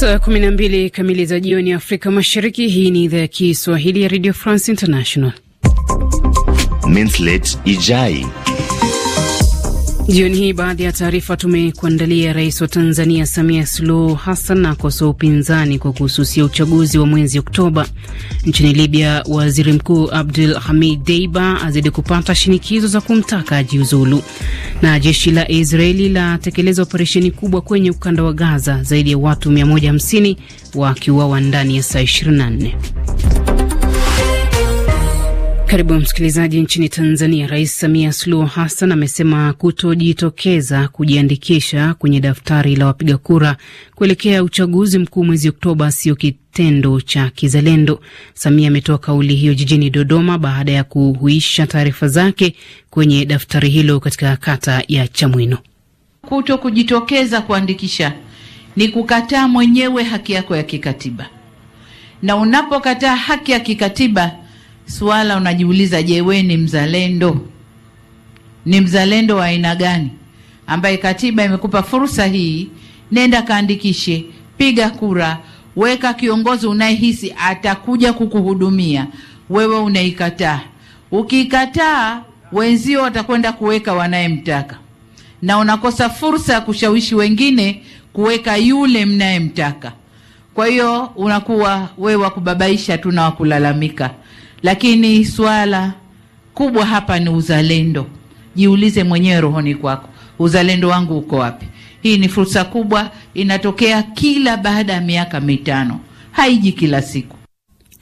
Saa kumi na mbili kamili za jioni Afrika Mashariki. Hii ni idhaa ya Kiswahili ya Radio France International. Ijai Jioni hii baadhi ya taarifa tumekuandalia. Rais wa Tanzania Samia Suluhu Hassan akosoa upinzani kwa kuhususia uchaguzi wa mwezi Oktoba. Nchini Libya, waziri mkuu Abdul Hamid Deiba azidi kupata shinikizo za kumtaka ajiuzulu, na jeshi la Israeli latekeleza operesheni kubwa kwenye ukanda wa Gaza, zaidi ya watu 150 wakiuawa ndani ya saa 24. Karibu msikilizaji. Nchini Tanzania, Rais Samia Suluhu Hassan amesema kutojitokeza kujiandikisha kwenye daftari la wapiga kura kuelekea uchaguzi mkuu mwezi Oktoba sio kitendo cha kizalendo. Samia ametoa kauli hiyo jijini Dodoma baada ya kuhuisha taarifa zake kwenye daftari hilo katika kata ya Chamwino. Kuto kujitokeza kuandikisha ni kukataa mwenyewe haki yako ya kikatiba, na unapokataa haki ya kikatiba swala unajiuliza, je, wewe ni mzalendo? Ni mzalendo wa aina gani ambaye katiba imekupa fursa hii? Nenda kaandikishe, piga kura, weka kiongozi unayehisi atakuja kukuhudumia. Wewe unaikataa. Ukiikataa, wenzio watakwenda kuweka wanayemtaka, na unakosa fursa ya kushawishi wengine kuweka yule mnayemtaka. Kwa hiyo unakuwa wewe wakubabaisha tu na wakulalamika. Lakini swala kubwa hapa ni uzalendo. Jiulize mwenyewe rohoni kwako, uzalendo wangu uko wapi? Hii ni fursa kubwa, inatokea kila baada ya miaka mitano, haiji kila siku.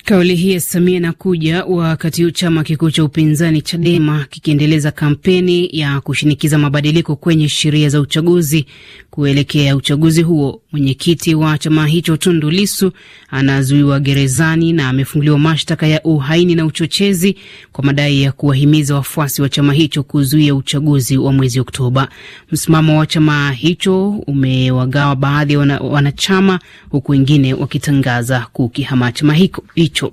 Kauli hii ya Samia inakuja wakati huu chama kikuu cha upinzani Chadema kikiendeleza kampeni ya kushinikiza mabadiliko kwenye sheria za uchaguzi kuelekea uchaguzi huo. Mwenyekiti wa chama hicho Tundu Lisu anazuiwa gerezani na amefunguliwa mashtaka ya uhaini na uchochezi kwa madai ya kuwahimiza wafuasi wa chama hicho kuzuia uchaguzi wa mwezi Oktoba. Msimamo wa chama hicho umewagawa baadhi ya wana, wanachama huku wengine wakitangaza kukihama chama hicho hicho.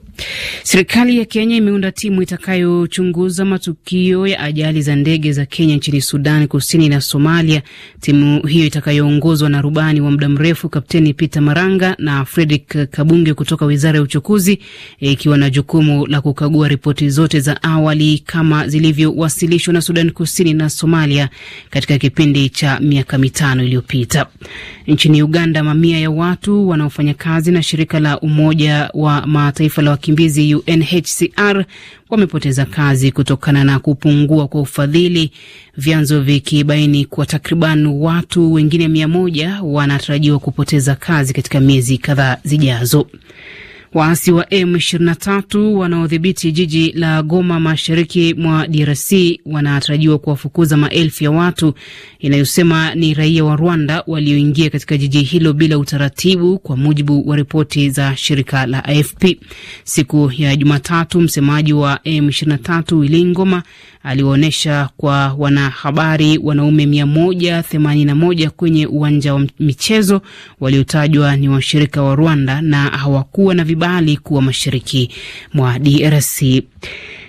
Serikali ya Kenya imeunda timu itakayochunguza matukio ya ajali za ndege za Kenya nchini Sudan Kusini na Somalia. Timu hiyo itakayoongozwa na rubani wa muda mrefu Kapteni Peter Maranga na Fredrick Kabunge kutoka wizara ya uchukuzi, eh, ikiwa na jukumu la kukagua ripoti zote za awali kama zilivyowasilishwa na Sudan Kusini na Somalia katika kipindi cha miaka mitano iliyopita. Nchini Uganda, mamia ya watu wanaofanya kazi na shirika la Umoja wa Mataifa taifa la wakimbizi UNHCR wamepoteza kazi kutokana na kupungua kwa ufadhili, vyanzo vikibaini kuwa takriban watu wengine mia moja wanatarajiwa kupoteza kazi katika miezi kadhaa zijazo. Waasi wa M23 wanaodhibiti jiji la Goma mashariki mwa DRC wanatarajiwa kuwafukuza maelfu ya watu inayosema ni raia wa Rwanda walioingia katika jiji hilo bila utaratibu, kwa mujibu wa ripoti za shirika la AFP. Siku ya Jumatatu, msemaji wa M23 Willy Ngoma aliwaonyesha kwa wanahabari wanaume 181 kwenye uwanja wa michezo waliotajwa ni washirika wa Rwanda na hawakuwa na vibali kuwa mashariki mwa DRC.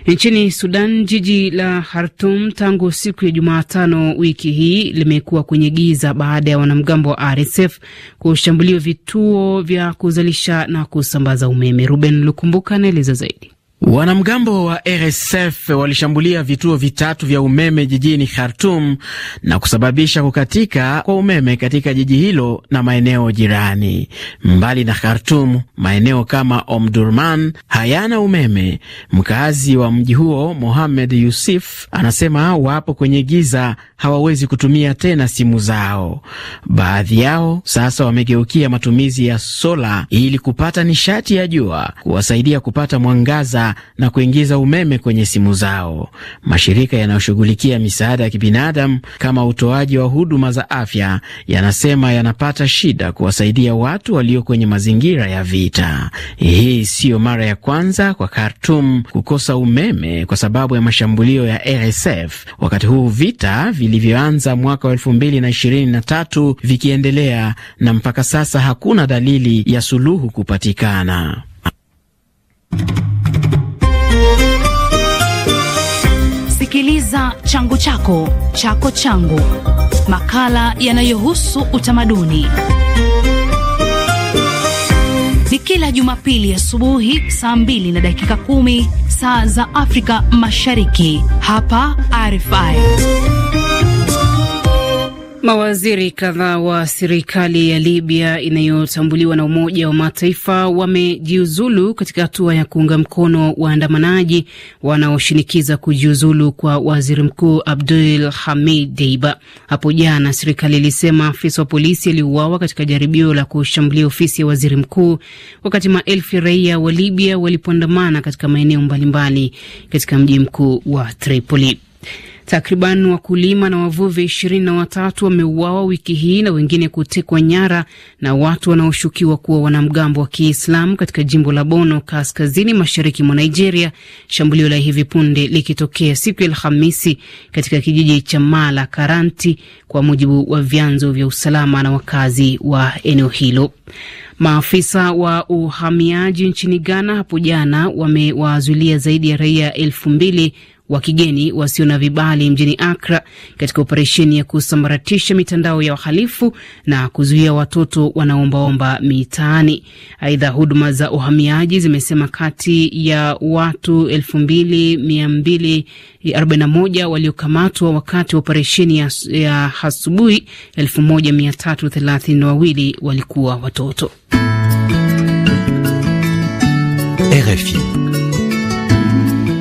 Nchini Sudan, jiji la Khartoum tangu siku ya Jumatano wiki hii limekuwa kwenye giza baada ya wanamgambo wa RSF kushambulia vituo vya kuzalisha na kusambaza umeme. Ruben Lukumbuka anaeleza zaidi. Wanamgambo wa RSF walishambulia vituo vitatu vya umeme jijini Khartum na kusababisha kukatika kwa umeme katika jiji hilo na maeneo jirani. Mbali na Khartum, maeneo kama Omdurman hayana umeme. Mkazi wa mji huo Mohamed Yusuf anasema wapo kwenye giza, hawawezi kutumia tena simu zao. Baadhi yao sasa wamegeukia matumizi ya sola ili kupata nishati ya jua kuwasaidia kupata mwangaza na kuingiza umeme kwenye simu zao. Mashirika yanayoshughulikia misaada ya kibinadamu kama utoaji wa huduma za afya yanasema yanapata shida kuwasaidia watu walio kwenye mazingira ya vita. Hii siyo mara ya kwanza kwa Khartoum kukosa umeme kwa sababu ya mashambulio ya RSF, wakati huu vita vilivyoanza mwaka wa elfu mbili na ishirini na tatu vikiendelea na mpaka sasa hakuna dalili ya suluhu kupatikana. unasikiliza Changu Chako Chako Changu, makala yanayohusu utamaduni ni kila Jumapili asubuhi saa mbili na dakika kumi saa za Afrika Mashariki hapa RFI. Mawaziri kadhaa wa serikali ya Libya inayotambuliwa na Umoja wa Mataifa wamejiuzulu katika hatua ya kuunga mkono waandamanaji wanaoshinikiza kujiuzulu kwa waziri mkuu Abdul Hamid Deiba. Hapo jana serikali ilisema afisa wa polisi aliuawa katika jaribio la kushambulia ofisi ya waziri mkuu, wakati maelfu ya raia wa Libya walipoandamana katika maeneo mbalimbali katika mji mkuu wa Tripoli. Takriban wakulima na wavuvi ishirini na watatu wameuawa wiki hii na wengine kutekwa nyara na watu wanaoshukiwa kuwa wanamgambo wa Kiislamu katika jimbo la Bono, kaskazini mashariki mwa Nigeria, shambulio la hivi punde likitokea siku ya Alhamisi katika kijiji cha Mala Karanti, kwa mujibu wa vyanzo vya usalama na wakazi wa eneo hilo. Maafisa wa uhamiaji nchini Ghana hapo jana wamewazuilia zaidi ya raia elfu mbili wa kigeni wasio na vibali mjini Akra katika operesheni ya kusambaratisha mitandao ya wahalifu na kuzuia watoto wanaombaomba mitaani. Aidha, huduma za uhamiaji zimesema kati ya watu 2241 waliokamatwa wakati wa operesheni ya, ya asubuhi 1332 walikuwa watoto. RFI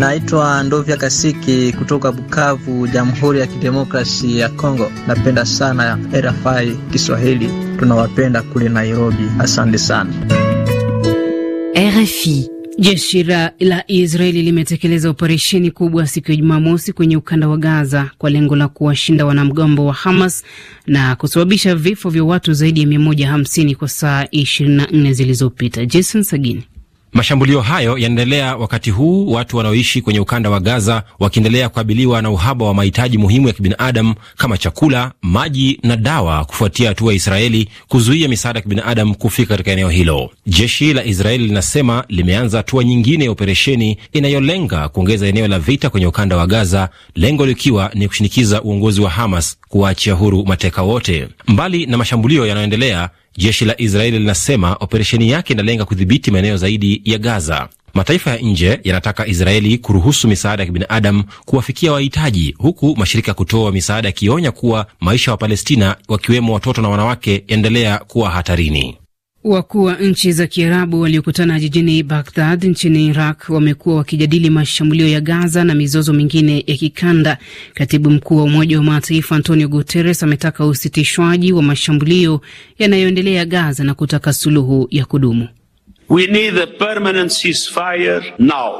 Naitwa Ndovya Kasiki kutoka Bukavu, Jamhuri ya Kidemokrasi ya Kongo. Napenda sana RFI Kiswahili, tunawapenda kule Nairobi. Asante sana RFI. Jeshi la Israeli limetekeleza operesheni kubwa siku ya Jumamosi kwenye ukanda wa Gaza kwa lengo la kuwashinda wanamgambo wa Hamas na kusababisha vifo vya watu zaidi ya 150 kwa saa 24 zilizopita. Jason Sagini. Mashambulio hayo yanaendelea wakati huu watu wanaoishi kwenye ukanda wa Gaza wakiendelea kukabiliwa na uhaba wa mahitaji muhimu ya kibinadamu kama chakula, maji na dawa, kufuatia hatua ya Israeli kuzuia misaada ya kibinadamu kufika katika eneo hilo. Jeshi la Israeli linasema limeanza hatua nyingine ya operesheni inayolenga kuongeza eneo la vita kwenye ukanda wa Gaza, lengo likiwa ni kushinikiza uongozi wa Hamas kuwaachia huru mateka wote. Mbali na mashambulio yanayoendelea Jeshi la Israeli linasema operesheni yake inalenga kudhibiti maeneo zaidi ya Gaza. Mataifa ya nje yanataka Israeli kuruhusu misaada ya kibinadamu kuwafikia wahitaji, huku mashirika ya kutoa misaada yakionya kuwa maisha wa Palestina, wakiwemo watoto na wanawake, yaendelea kuwa hatarini. Wakuu wa nchi za Kiarabu waliokutana jijini Baghdad nchini Iraq wamekuwa wakijadili mashambulio ya Gaza na mizozo mingine ya kikanda. Katibu mkuu wa Umoja wa Mataifa Antonio Guterres ametaka usitishwaji wa mashambulio yanayoendelea Gaza na kutaka suluhu ya kudumu. We need a permanent ceasefire now.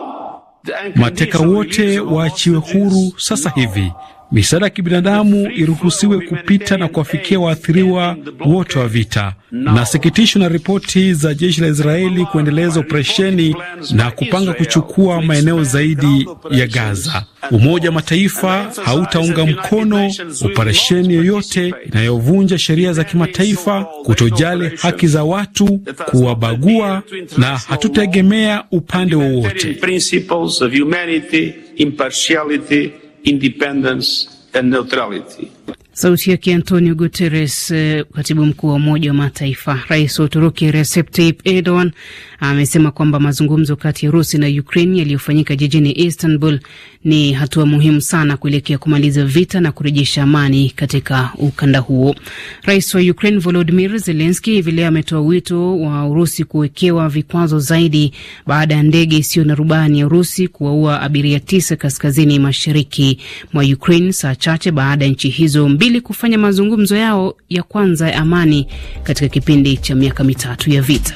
Mateka wote waachiwe huru sasa hivi misaada ya kibinadamu iruhusiwe kupita na kuwafikia waathiriwa wote wa vita. Nasikitishwa na ripoti za jeshi la Israeli kuendeleza operesheni na kupanga kuchukua maeneo zaidi ya Gaza. Umoja wa Mataifa hautaunga mkono operesheni yoyote inayovunja sheria za kimataifa, kutojali haki za watu, kuwabagua, na hatutaegemea upande wowote. independence and neutrality. Sauti yake Antonio Guterres, eh, katibu mkuu wa Umoja wa Mataifa. Rais wa Uturuki Recep Tayyip Erdogan amesema kwamba mazungumzo kati ya Rusi na ukrain yaliyofanyika jijini Istanbul ni hatua muhimu sana kuelekea kumaliza vita na kurejesha amani katika ukanda huo. Rais wa ukrain Volodimir Zelenski hivi leo ametoa wito wa Urusi kuwekewa vikwazo zaidi baada ya ndege isiyo na rubani ya Urusi kuwaua abiria tisa kaskazini mashariki mwa ukrain saa chache baada ya nchi hizo mbili ili kufanya mazungumzo yao ya kwanza ya amani katika kipindi cha miaka mitatu ya vita.